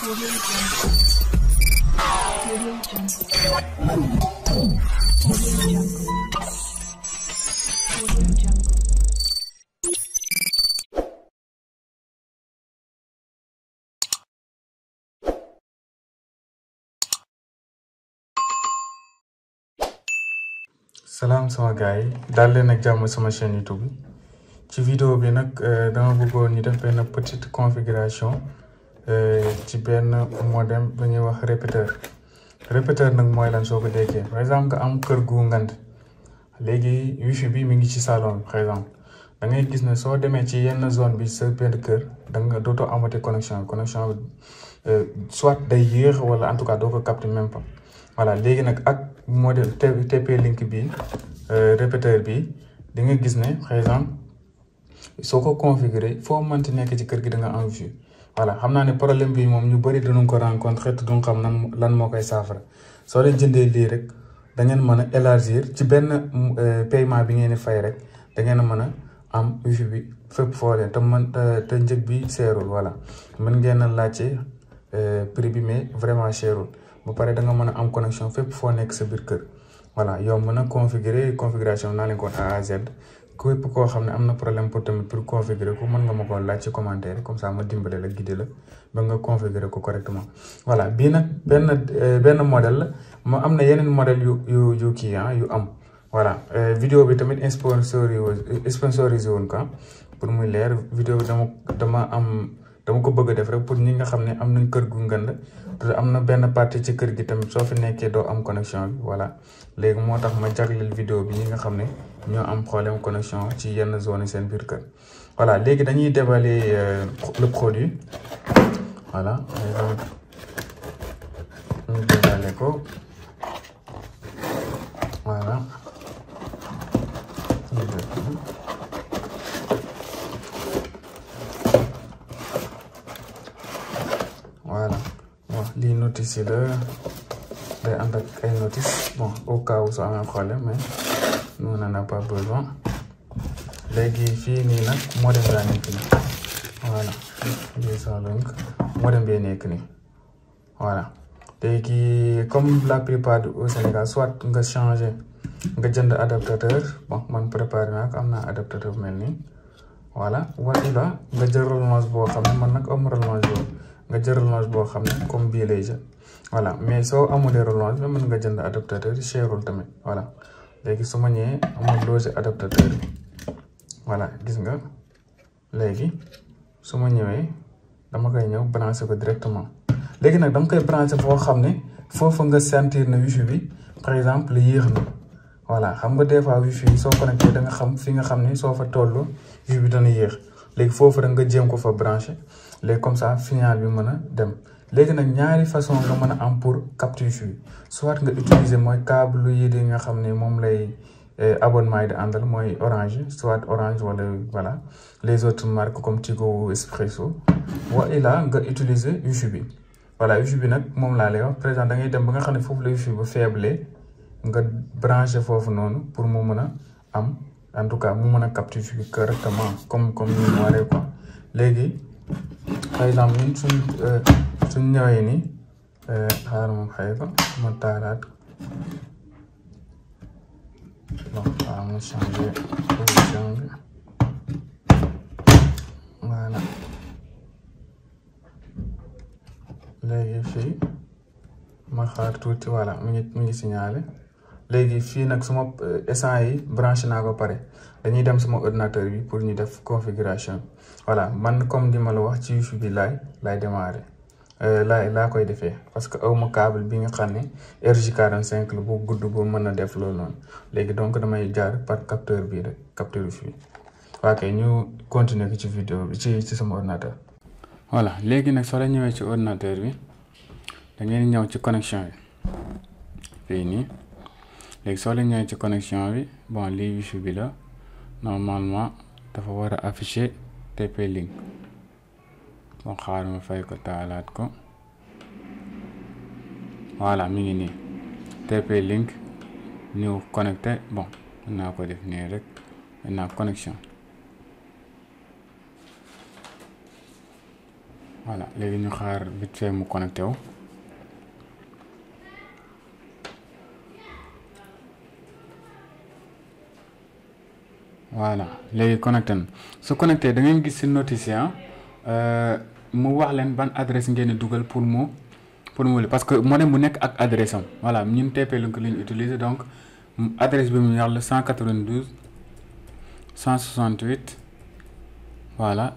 salaam sama gars yi daal leen ak jàmm sama chaîne YouTube bi ci vidéo bi nag euh, dama bëggoon ñu def benn petite configuration Eh, ci benn modem bu ñuy wax répéteur répéteur nag mooy lan soo ko déggee par exemple nga am kër gu ngant léegi wifi bi mi ngi ci salon bi par exemple da ngay gis ne soo demee ci yenn zone bi sa benn kër da nga dootoo amati connexion connexion bi euh, soit day yéex wala en tout cas doo ko capter même pas voilà léegi nag ak modèle TP link bi euh, répéteur bi di nga gis ne par exemple soo ko configurer foo mënti nekk ci kër gi da nga am vue voilà xam naa ne problème bi moom ñu bëri dinañ ko rencontré te duñ xam lan moo koy saafara soo leen jëndee lii rek da ngeen mën a élargir ci benn euh, payment bi ngeen di fay rek da ngeen a mën a am wifi bi fépp foo leen te mën te njëg bi seerul voilà mën ngeen a laajte euh, prix bi mais vraiment seerul ba pare da nga mën a am connexion fépp foo nekk sa biir kër. voilà yomb na configurer configuration naa leen ko A à Z képp koo xam ne am na problème pour tamit pour configurer ko mën nga ma koo laaj ci commentaire comme ça ma dimbale la guider la ba nga configurer ko correctement voilà bii nag benn euh, benn modèle la ma am na yeneen modèle yu yu yu kii ah, yu am voilà euh, vidéo bi tamit sponsorisé sponsorisé woon ko ah. pour muy leer vidéo bi dama dama am dama ko bëgg a def rek pour ñi nga xam ne am nañ kër gu ngeen la te am na benn partie ci kër gi tamit soo fi nekkee doo am connexion bi voilà léegi moo tax ma jagleel vidéo bi ñi nga xam ne ñoo am problème connexion ci yenn zone yi seen biir kër voilà léegi dañuy déballer euh, le produit voilà ñu déballer ko notice yi la day ànd ak ay notice bon au cas où soo amee problème mais nous n'en pas besoin léegi fii nii nag modem daa nekk nii voilà donc nekk nii voilà léegi comme la plupart au Sénégal soit nga changé nga jënd adaptateur bon man préparé naa ko am naa adaptateur mel ni voilà wala nga jël relance boo xam ne man nag am relance boobu nga jël rallonge boo xam ne comme bii lay jël voilà mais soo amulee rallonge mën nga jënd adaptateur yi cherul tamit voilà léegi su ma ñëwee amul loger adaptateur bi voilà gis nga léegi su ma ñëwee dama koy ñëw branché ko directement léegi nag dama koy branché foo xam ne foofu nga sentir ne wifi bi par exemple yéex na voilà xam nga des fois wifi bi soo connecté da xam fi nga xam ne soo fa toll wifi bi dana yéex léegi foofu rek nga jéem ko fa branché. léegi comme ça final bi mën a dem léegi nag ñaari façon nga mën a am pour Captcha soit nga utiliser mooy câble yi di nga xam ne moom lay eh, abonnement yi di orange soit orange wala voilà les autres comme Tigo ou Expresso wa ila nga utiliser Wave bi voilà Wave bi nag moom laa lay wax présent da ngay dem ba nga xam ne foofu la Wave ba faible nga branché foofu noonu pour mu mën a am en tout cas mu mën a capté correctement comme comme ni mu waree quoi léegi xëy na ñun suñ suñ ñëwee nii xaaral ma xëy ko ma taaraat bon waaw ma changé position bi voilà léegi ma xaar tuuti voilà mi ngi mi léegi fii nag suma eh, essence yi branché naa ko pare dañuy dem suma ordinateur bi pour ñu def configuration bi voilà man comme di ma la wax ci YouTube bi laay laay démarrer eh, laay laa koy defee parce que aw ma câble bi nga xam ne RJ45 la bu gudd boo mën a def loolu noonu léegi donc damay jaar parce que capteur bii rek capteur bi fii waa kay ñu continuer ko ci vidéo bi ci ci sama ordinateur. voilà léegi nag soo la ñëwee ci ordinateur bi da ñëw ci connexion bi fii nii. léegi soo leen ci connexion bi bon lii wifi bi la normalement dafa war a afficher TP link bon xaar ma fay ko taalaat ko voilà mu ngi nii TP link new connecté bon mën naa ko def nii rek mën naa connexion voilà léegi ñu xaar vite fait mu connecté voilà léegi connecté na su connecté da ngeen gis si notice euh, mu wax leen ban adresse ngeen dugal pour mu pour mu parce que modem bu nekk ak adresse am voilà ñun TP Link la ñu utiliser donc adresse bi mu wax la 192 168 voilà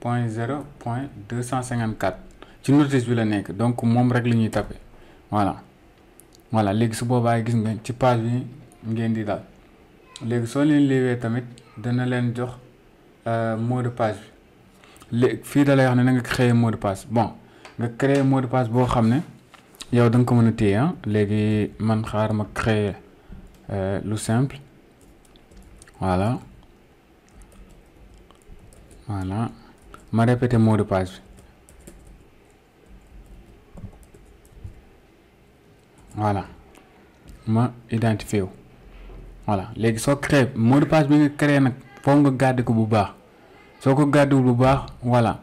point 0 point 254 ci notice bi la nekk donc moom rek la ñuy tapé voilà voilà léegi su boobaa gis nga ci page bi ngeen di daal. léegi soo leen liiwee tamit dana leen jox euh, mot de page bi léegi fii dalay xam ne na nga créer mot de passe bon nga créer mot de passe boo xam ne yow danga ko mën a téye ah léegi man xaar ma créer euh, lu simple voilà voilà ma répété mot de passe bi voilà ma identifié wu voilà léegi soo créé mot de passe bi nga créé nag foog nga garder ko bu baax soo ko gàdduwul bu baax voilà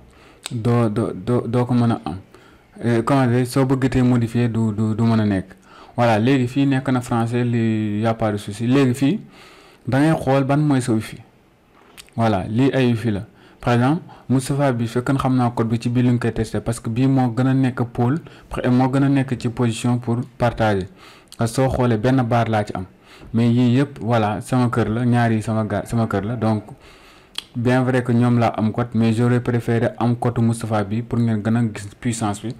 doo doo doo doo ko mën a am euh, comment soo soo bëggatee modifier du du du mën a nekk voilà léegi fii nekk na français li y a pas léegi fii da ngay xool ban mooy sa wifi voilà lii ay wifi la par exemple Moustapha bi fekkoon xam naa code bi ci bii lu ñu koy testé parce que bii moo gën a nekk pôle moo gën a nekk ci position pour partager parce que soo xoolee benn baar laa ci am. mais yii yëpp voilà sama kër la ñaari yi sama ga sama kër la donc bien vrai que ñoom laa am kot mais j'aurais préféré am kotu Moustapha bi pour ngeen gën a gis puissance bi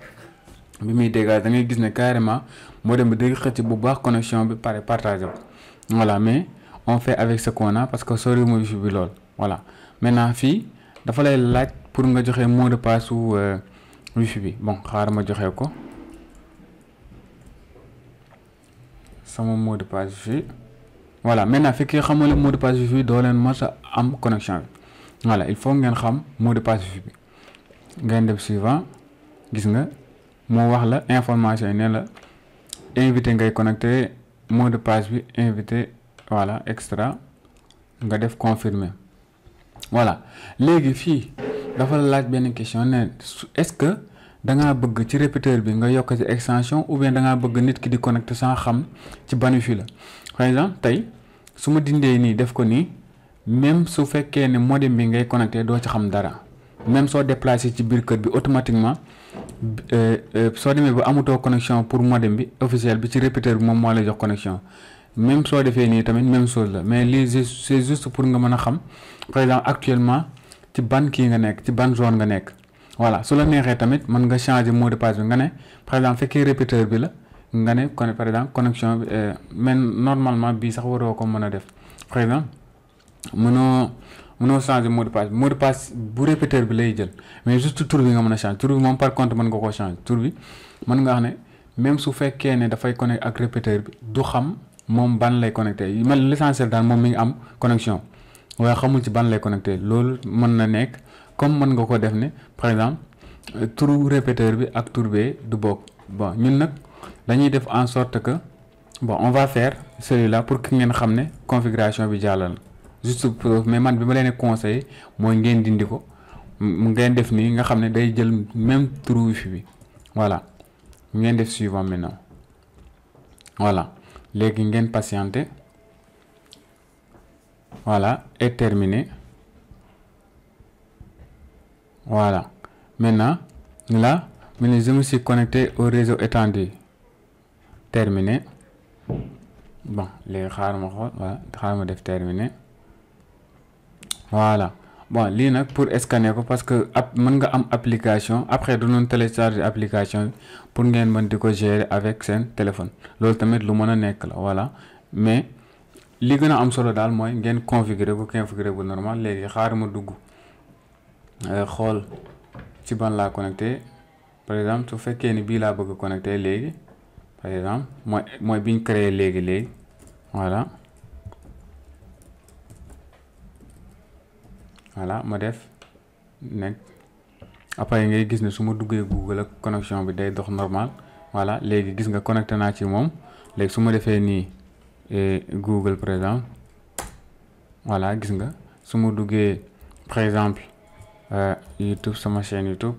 bi muy dégage da ngay gis ne carrément moo dem bi day xëcc bu baax connexion bi pare partagé ko voilà mais on fait avec ce qu'on parce que sori ma wifi bi lool voilà maintenant fii dafa lay laaj pour nga joxe mot de passe su wifi euh, bi bon xaaral ma joxe ko sama mot de passe bi fii voilà maintenant fekkee xamoo leen mot de passe bi fii doo leen mës a am connexion bi voilà il faut ngeen xam mot de passe bi fii ngeen def suivant gis nga moo wax la information yi ne la invité ngay connecté mot de passe bi invité voilà extra nga def confirmer voilà léegi fii dafa laaj benn question ne est-ce da ngaa bëgg ci répéteur bi nga yokk ci extension ou bien dangaa bëgg nit ki di connecté sans xam ci ban wifi la par exemple tey su ma dindee nii def ko nii même su fekkee ne modem bi ngay connecté doo ci xam dara même soo déplacé ci biir kër bi automatiquement euh, euh, soo demee bi amutoo connexion pour modem bi officiel bi ci répéteur bi moom moo la jox connection même soo defee nii tamit même chose la mais lii c'est juste pour nga mën a xam par exemple actuellement ci ban kii nga nekk ci ban zone nga nekk. voilà su la neexee tamit mën nga changer mot de bi nga ne par exemple fekkee répéteur bi la nga ne kon par exemple connexion bi euh, mais normalement bii sax waroo ko mën a def par exemple mënoo mënoo changer mot de passe mot de passe bu répéteur bi lay jël mais juste tur bi nga mën a changer tur moom par contre mën nga koo changer tur bi mën nga wax ne même su fekkee ne dafay connecté ak répéteur bi du xam moom ban lay connecté man l'essentiel daal moom mi ngi am connexion waaye xamul ci ban lay loolu mën na nekk. comme mën nga ko def ne par exemple turu répéteur bi ak tur bee du bokk bon ñun nag dañuy def en sorte que bon on va faire celui-là pour que ngeen xam ne configuration bi jàllal juste pour mais man bi ma leen conseillé mooy ngeen dindi ko mu ngeen def nii nga xam ne day jël même turu wifi bi voilà ngeen def suivant maintenant voilà léegi ngeen patienter voilà et terminé Voilà. Maintenant, là, je me suis connecté au réseau étendu. Terminé. Bon, les rares, voilà, rares terminé. Voilà. bon lii nag pour scanner ko parce que ab mën nga am application après du doon télécharger application pour ngeen mën di ko gérer avec seen téléphone loolu tamit lu mën a nekk la wala mais li gën a am solo daal mooy ngeen configurer ko configurer bu normal léegi xaar ma dugg Euh, xool ci ban laa connecté par exemple su fekkee ni bii laa bëgg a léegi par exemple mooy mooy biñ créé léegi léegi voilà voilà ma def nekk après ngay gis ne su ma duggee Google ak connexion bi day dox normal voilà léegi gis nga connecté naa ci moom léegi su ma defee nii eh, Google par exemple voilà gis nga su ma duggee par exemple Eh, YouTube sama chaîne YouTube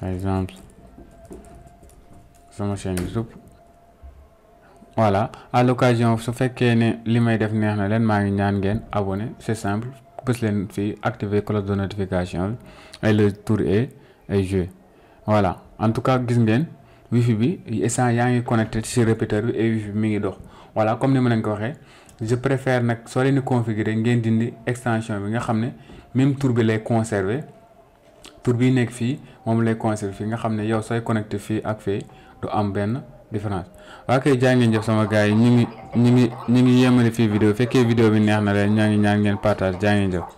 par exemple sama chaîne YouTube voilà à l'occasion su fekkee ne li may def neex na leen maa ngi ñaan ngeen abone c'est simple bës leen fii activer cloche de notification ay le tour et ay jouer voilà en tout cas gis ngeen fi bi instant yaa ngi connecté ci répéteur bi et wifi bi mi ngi dox voilà comme ni ma leen ko waxee je préfère nag soo leen di configurer ngeen dindi extension bi nga xam ne même tour bi lay conserver tour bi nekk fii moom lay conserver fii nga xam ne yow sooy connecté fii ak fii du am benn différence waa kay jaa ngeen jëf sama gars yi ñu ngi ñu ngi ñu ngi yemale fii vidéo fekkee vidéo bi neex na leen ñaa ngi ñaa ngeen partage jàngi ngeen